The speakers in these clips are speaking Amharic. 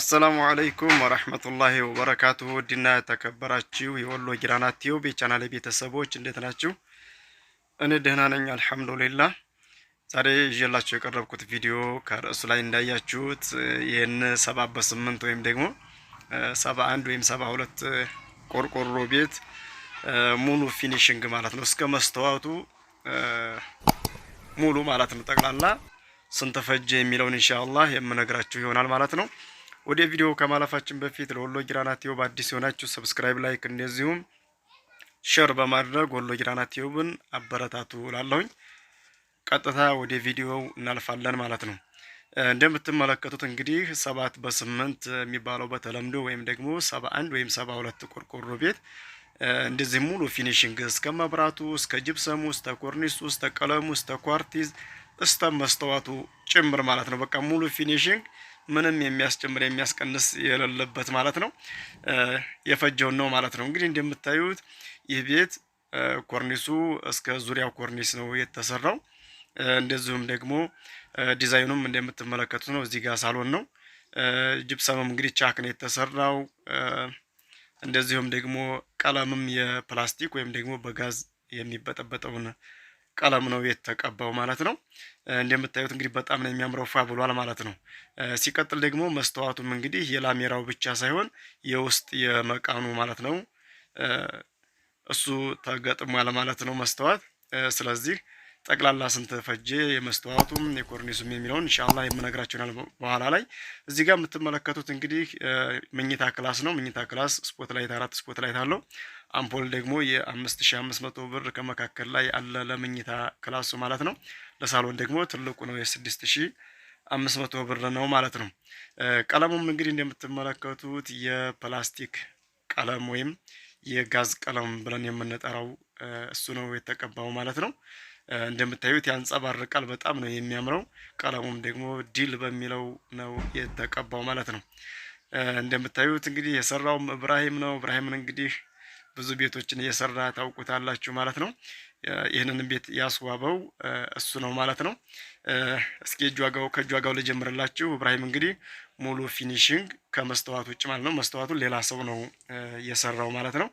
አሰላሙ አለይኩም ወረህመቱላሂ ወበረካቱሁ ውድና የተከበራችሁ የወሎ ጊራና ቲዩብ የቻናል ቤተሰቦች እንዴት ናችሁ? እኔ ደህና ነኝ አልሐምዱሊላ። ዛሬ ይዤላችሁ የቀረብኩት ቪዲዮ ከርዕሱ ላይ እንዳያችሁት ይህን ሰባ በስምንት ወይም ደግሞ ሰባ አንድ ወይም ሰባ ሁለት ቆርቆሮ ቤት ሙሉ ፊኒሽንግ ማለት ነው እስከ መስተዋቱ ሙሉ ማለት ነው ጠቅላላ ስንት ፈጀ የሚለውን ኢንሻአላህ የምነግራችሁ ይሆናል ማለት ነው። ወደ ቪዲዮ ከማለፋችን በፊት ለወሎ ጊራና ቲዩብ አዲስ የሆናችሁ ሰብስክራይብ፣ ላይክ እንደዚሁም ሼር በማድረግ ወሎ ጊራና ቲዩብን አበረታቱ ላለሁኝ። ቀጥታ ወደ ቪዲዮው እናልፋለን ማለት ነው። እንደምትመለከቱት እንግዲህ ሰባት በስምንት የሚባለው በተለምዶ ወይም ደግሞ ሰባ አንድ ወይም ሰባ ሁለት ቆርቆሮ ቤት እንደዚህ ሙሉ ፊኒሽንግ እስከ መብራቱ፣ እስከ ጅብሰሙ፣ እስከ ኮርኒሱ፣ እስከ ቀለሙ፣ እስከ ኳርቲዝ፣ እስከ መስተዋቱ ጭምር ማለት ነው። በቃ ሙሉ ፊኒሽንግ ምንም የሚያስጨምር የሚያስቀንስ የሌለበት ማለት ነው። የፈጀውን ነው ማለት ነው። እንግዲህ እንደምታዩት ይህ ቤት ኮርኒሱ እስከ ዙሪያው ኮርኒስ ነው የተሰራው። እንደዚሁም ደግሞ ዲዛይኑም እንደምትመለከቱት ነው። እዚህ ጋር ሳሎን ነው። ጅብሰምም እንግዲህ ቻክ ነው የተሰራው። እንደዚሁም ደግሞ ቀለምም የፕላስቲክ ወይም ደግሞ በጋዝ የሚበጠበጠውን ቀለም ነው የተቀባው ማለት ነው። እንደምታዩት እንግዲህ በጣም ነው የሚያምረው ፋ ብሏል ማለት ነው። ሲቀጥል ደግሞ መስተዋቱም እንግዲህ የላሜራው ብቻ ሳይሆን የውስጥ የመቃኑ ማለት ነው እሱ ተገጥሟል ማለት ነው መስተዋት። ስለዚህ ጠቅላላ ስንት ፈጀ የመስተዋቱም የኮርኒሱም የሚለውን እንሻላ የምነግራችሁናል በኋላ ላይ። እዚህ ጋር የምትመለከቱት እንግዲህ መኝታ ክላስ ነው። መኝታ ክላስ ስፖት ላይት አራት ስፖት ላይት አለው። አምፖል ደግሞ የ5500 ብር ከመካከል ላይ አለ ለመኝታ ክላሱ ማለት ነው። ለሳሎን ደግሞ ትልቁ ነው የ6500 ብር ነው ማለት ነው። ቀለሙም እንግዲህ እንደምትመለከቱት የፕላስቲክ ቀለም ወይም የጋዝ ቀለም ብለን የምንጠራው እሱ ነው የተቀባው ማለት ነው። እንደምታዩት ያንጸባርቃል። በጣም ነው የሚያምረው። ቀለሙም ደግሞ ዲል በሚለው ነው የተቀባው ማለት ነው። እንደምታዩት እንግዲህ የሰራውም እብራሂም ነው። እብራሂምን እንግዲህ ብዙ ቤቶችን እየሰራ ታውቁታላችሁ ማለት ነው። ይህንን ቤት ያስዋበው እሱ ነው ማለት ነው። እስኪ እጅ ዋጋው ከእጅ ዋጋው ልጀምርላችሁ። እብራሂም እንግዲህ ሙሉ ፊኒሽንግ ከመስተዋት ውጭ ማለት ነው። መስተዋቱን ሌላ ሰው ነው የሰራው ማለት ነው።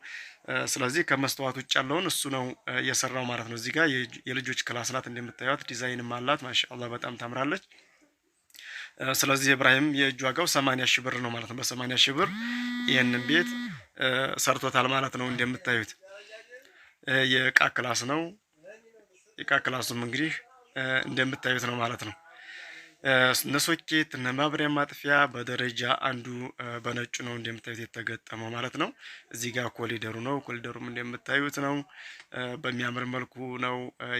ስለዚህ ከመስተዋት ውጭ ያለውን እሱ ነው የሰራው ማለት ነው። እዚህ ጋር የልጆች ክላስ ናት እንደምታዩት፣ ዲዛይንም አላት ማሻአላ በጣም ታምራለች። ስለዚህ ኢብራሂም የእጅ ዋጋው ሰማንያ ሺህ ብር ነው ማለት ነው። በሰማንያ ሺህ ብር ይህንን ቤት ሰርቶታል ማለት ነው። እንደምታዩት የእቃ ክላስ ነው። የእቃ ክላሱም እንግዲህ እንደምታዩት ነው ማለት ነው። ነሶኬት ነማብሪያ ማጥፊያ በደረጃ አንዱ በነጩ ነው እንደምታዩት የተገጠመው ማለት ነው። እዚህ ጋር ኮሊደሩ ነው። ኮሊደሩም እንደምታዩት ነው። በሚያምር መልኩ ነው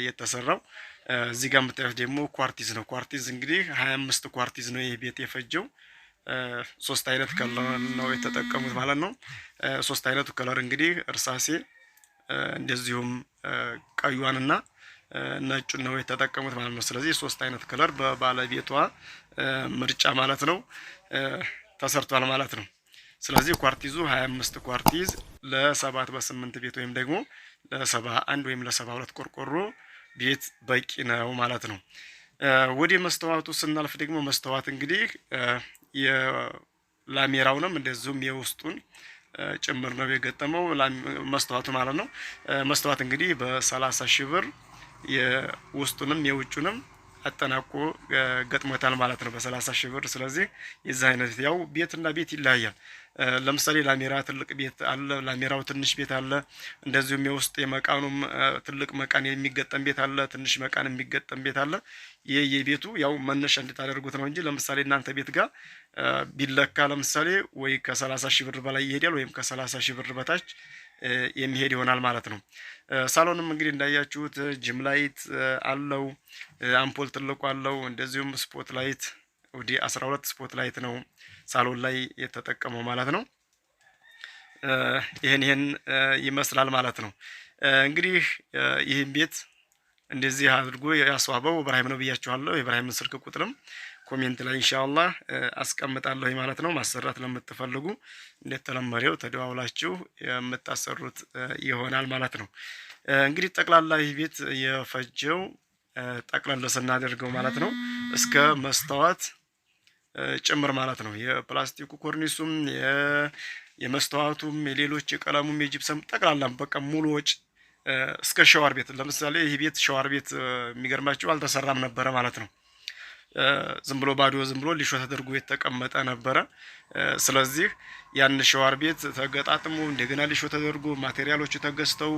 የተሰራው። እዚህ ጋር የምታዩት ደግሞ ኳርቲዝ ነው። ኳርቲዝ እንግዲህ ሀያ አምስት ኳርቲዝ ነው ይህ ቤት የፈጀው። ሶስት አይነት ከለር ነው የተጠቀሙት ማለት ነው። ሶስት አይነቱ ከለር እንግዲህ እርሳሴ እንደዚሁም ቀዩዋንና ነጩን ነው የተጠቀሙት ማለት ነው። ስለዚህ ሶስት አይነት ከለር በባለቤቷ ምርጫ ማለት ነው ተሰርቷል ማለት ነው። ስለዚህ ኳርቲዙ 25 ኳርቲዝ ለ7 በ8 ቤት ወይም ደግሞ ለ71 ወይም ለ72 ቆርቆሮ ቤት በቂ ነው ማለት ነው። ወደ መስተዋቱ ስናልፍ ደግሞ መስተዋት እንግዲህ የላሜራውንም እንደዚሁም የውስጡን ጭምር ነው የገጠመው መስተዋቱ ማለት ነው። መስተዋት እንግዲህ በ30 ሺህ ብር የውስጡንም የውጩንም አጠናቆ ገጥሞታል ማለት ነው በሰላሳ ሺህ ብር። ስለዚህ የዚህ አይነት ያው ቤትና ቤት ይለያያል። ለምሳሌ ላሜራ ትልቅ ቤት አለ፣ ላሜራው ትንሽ ቤት አለ። እንደዚሁም የውስጥ የመቃኑም ትልቅ መቃን የሚገጠም ቤት አለ፣ ትንሽ መቃን የሚገጠም ቤት አለ። ይህ የቤቱ ያው መነሻ እንድታደርጉት ነው እንጂ ለምሳሌ እናንተ ቤት ጋር ቢለካ ለምሳሌ ወይ ከሰላሳ ሺህ ብር በላይ ይሄዳል ወይም ከሰላሳ ሺህ ብር በታች የሚሄድ ይሆናል ማለት ነው። ሳሎንም እንግዲህ እንዳያችሁት ጅም ላይት አለው፣ አምፖል ትልቁ አለው። እንደዚሁም ስፖት ላይት ወደ 12 ስፖት ላይት ነው ሳሎን ላይ የተጠቀመው ማለት ነው። ይህን ይህን ይመስላል ማለት ነው። እንግዲህ ይህን ቤት እንደዚህ አድርጎ ያስዋበው ብራሂም ነው ብያችኋለሁ። የኢብራሂምን ስልክ ቁጥርም ኮሜንት ላይ ኢንሻአላህ አስቀምጣለሁ ማለት ነው። ማሰራት ለምትፈልጉ እንደተለመደው ተደዋውላችሁ የምታሰሩት ይሆናል ማለት ነው። እንግዲህ ጠቅላላ ይህ ቤት የፈጀው ጠቅለል ስናደርገው ማለት ነው እስከ መስታወት ጭምር ማለት ነው። የፕላስቲኩ ኮርኒሱም፣ የመስታወቱም የሌሎች የቀለሙም፣ የጅብሰም ጠቅላላም በቃ ሙሉ ወጭ እስከ ሸዋር ቤት ለምሳሌ ይህ ቤት ሸዋር ቤት የሚገርማችሁ አልተሰራም ነበረ ማለት ነው። ዝም ብሎ ባዶ ዝም ብሎ ሊሾ ተደርጎ የተቀመጠ ነበረ። ስለዚህ ያን ሸዋር ቤት ተገጣጥሞ እንደገና ሊሾ ተደርጎ ማቴሪያሎቹ ተገዝተው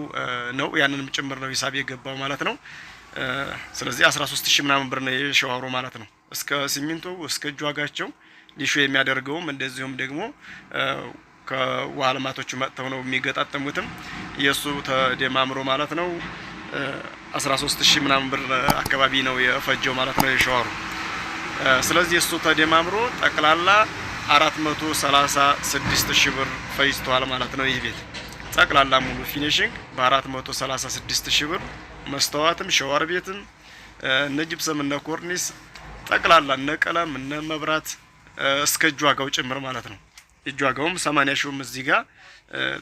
ነው ያንንም ጭምር ነው ሂሳብ የገባው ማለት ነው። ስለዚህ 13 ሺ ምናምን ብር ነው የሸዋሩ ማለት ነው። እስከ ሲሚንቶ እስከ እጅ ዋጋቸው ሊሾ የሚያደርገውም እንደዚሁም ደግሞ ከውሃ ልማቶቹ መጥተው ነው የሚገጣጠሙትም የእሱ ተደማምሮ ማለት ነው 13 ሺህ ምናምን ብር አካባቢ ነው የፈጀው ማለት ነው የሸዋሩ ስለዚህ እሱ ተደማምሮ ጠቅላላ 436 ሺህ ብር ፈጅቷል ማለት ነው። ይህ ቤት ጠቅላላ ሙሉ ፊኒሽንግ በ436 ሺህ ብር መስተዋትም፣ ሸዋር ቤትም፣ እነ ጅብሰም፣ እነ ኮርኒስ ጠቅላላ እነ ቀለም፣ እነ መብራት እስከ እጅ ዋጋው ጭምር ማለት ነው። እጅ ዋጋውም 80 ሺህም እዚህ ጋር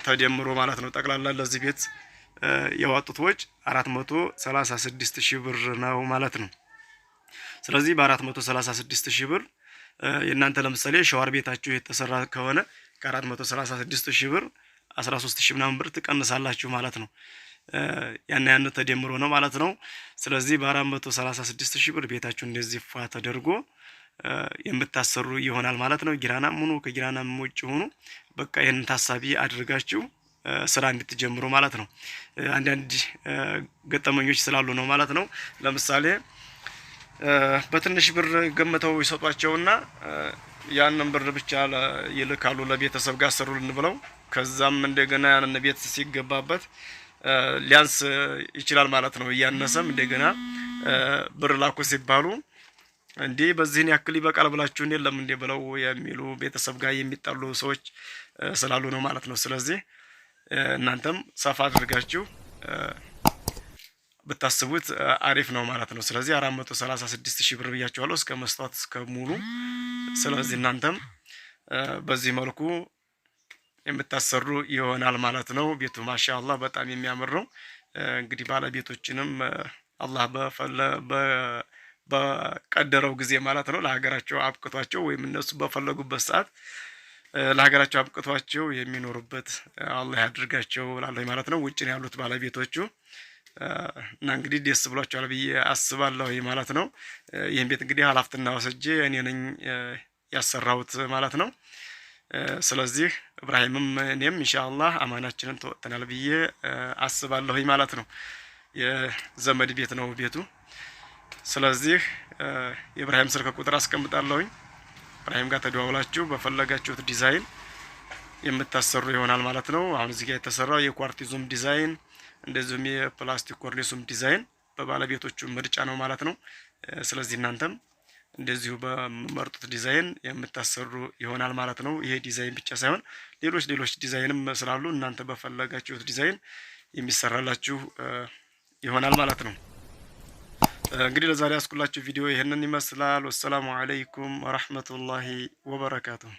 ተደምሮ ማለት ነው። ጠቅላላ ለዚህ ቤት የዋጡት ወጭ 436 ሺህ ብር ነው ማለት ነው። ስለዚህ በ436 ሺህ ብር የእናንተ ለምሳሌ ሸዋር ቤታችሁ የተሰራ ከሆነ ከ436 ሺህ ብር 13 ሺህ ምናምን ብር ትቀንሳላችሁ ማለት ነው። ያን ያን ተደምሮ ነው ማለት ነው። ስለዚህ በ436 ሺህ ብር ቤታችሁ እንደዚህ ፏ ተደርጎ የምታሰሩ ይሆናል ማለት ነው። ጊራናም ሁኑ ከጊራናም ውጭ ሁኑ፣ በቃ ይህንን ታሳቢ አድርጋችሁ ስራ እንድትጀምሩ ማለት ነው። አንዳንድ ገጠመኞች ስላሉ ነው ማለት ነው። ለምሳሌ በትንሽ ብር ገምተው ይሰጧቸውና ያንን ብር ብቻ ይልካሉ ለቤተሰብ ጋር ሰሩልን ብለው ከዛም እንደገና ያንን ቤት ሲገባበት ሊያንስ ይችላል ማለት ነው። እያነሰም እንደገና ብር ላኩ ሲባሉ እንዲህ በዚህን ያክል ይበቃል ብላችሁ እኔ ለምን ብለው የሚሉ ቤተሰብ ጋር የሚጣሉ ሰዎች ስላሉ ነው ማለት ነው። ስለዚህ እናንተም ሰፋ አድርጋችሁ ብታስቡት አሪፍ ነው ማለት ነው። ስለዚህ አራት መቶ ሰላሳ ስድስት ሺህ ብር ብያቸዋለሁ እስከ መስታወት እስከ ሙሉ። ስለዚህ እናንተም በዚህ መልኩ የምታሰሩ ይሆናል ማለት ነው። ቤቱ ማሻ አላህ በጣም የሚያምር ነው። እንግዲህ ባለቤቶችንም አላህ በቀደረው ጊዜ ማለት ነው ለሀገራቸው አብቅቷቸው ወይም እነሱ በፈለጉበት ሰዓት ለሀገራቸው አብቅቷቸው የሚኖሩበት አላህ ያድርጋቸው ላለ ማለት ነው። ውጭ ነው ያሉት ባለቤቶቹ እና እንግዲህ ደስ ብሏቸዋል ብዬ አስባለሁ ማለት ነው። ይህን ቤት እንግዲህ ኃላፊነት ወስጄ እኔ ነኝ ያሰራሁት ማለት ነው። ስለዚህ እብራሂምም እኔም ኢንሻአላህ አማናችንን ተወጥተናል ብዬ አስባለሁ ማለት ነው። የዘመድ ቤት ነው ቤቱ። ስለዚህ የእብራሂም ስልክ ቁጥር አስቀምጣለሁኝ። እብራሂም ጋር ተደዋውላችሁ በፈለጋችሁት ዲዛይን የምታሰሩ ይሆናል ማለት ነው። አሁን እዚህ ጋር የተሰራው የኳርቲዙም ዲዛይን እንደዚሁም የፕላስቲክ ኮርኒሱም ዲዛይን በባለቤቶቹ ምርጫ ነው ማለት ነው። ስለዚህ እናንተም እንደዚሁ በመርጡት ዲዛይን የምታሰሩ ይሆናል ማለት ነው። ይሄ ዲዛይን ብቻ ሳይሆን ሌሎች ሌሎች ዲዛይንም ስላሉ እናንተ በፈለጋችሁት ዲዛይን የሚሰራላችሁ ይሆናል ማለት ነው። እንግዲህ ለዛሬ ያስኩላችሁ ቪዲዮ ይህንን ይመስላል። ወሰላሙ አለይኩም ወረህመቱላሂ ወበረካቱሁ።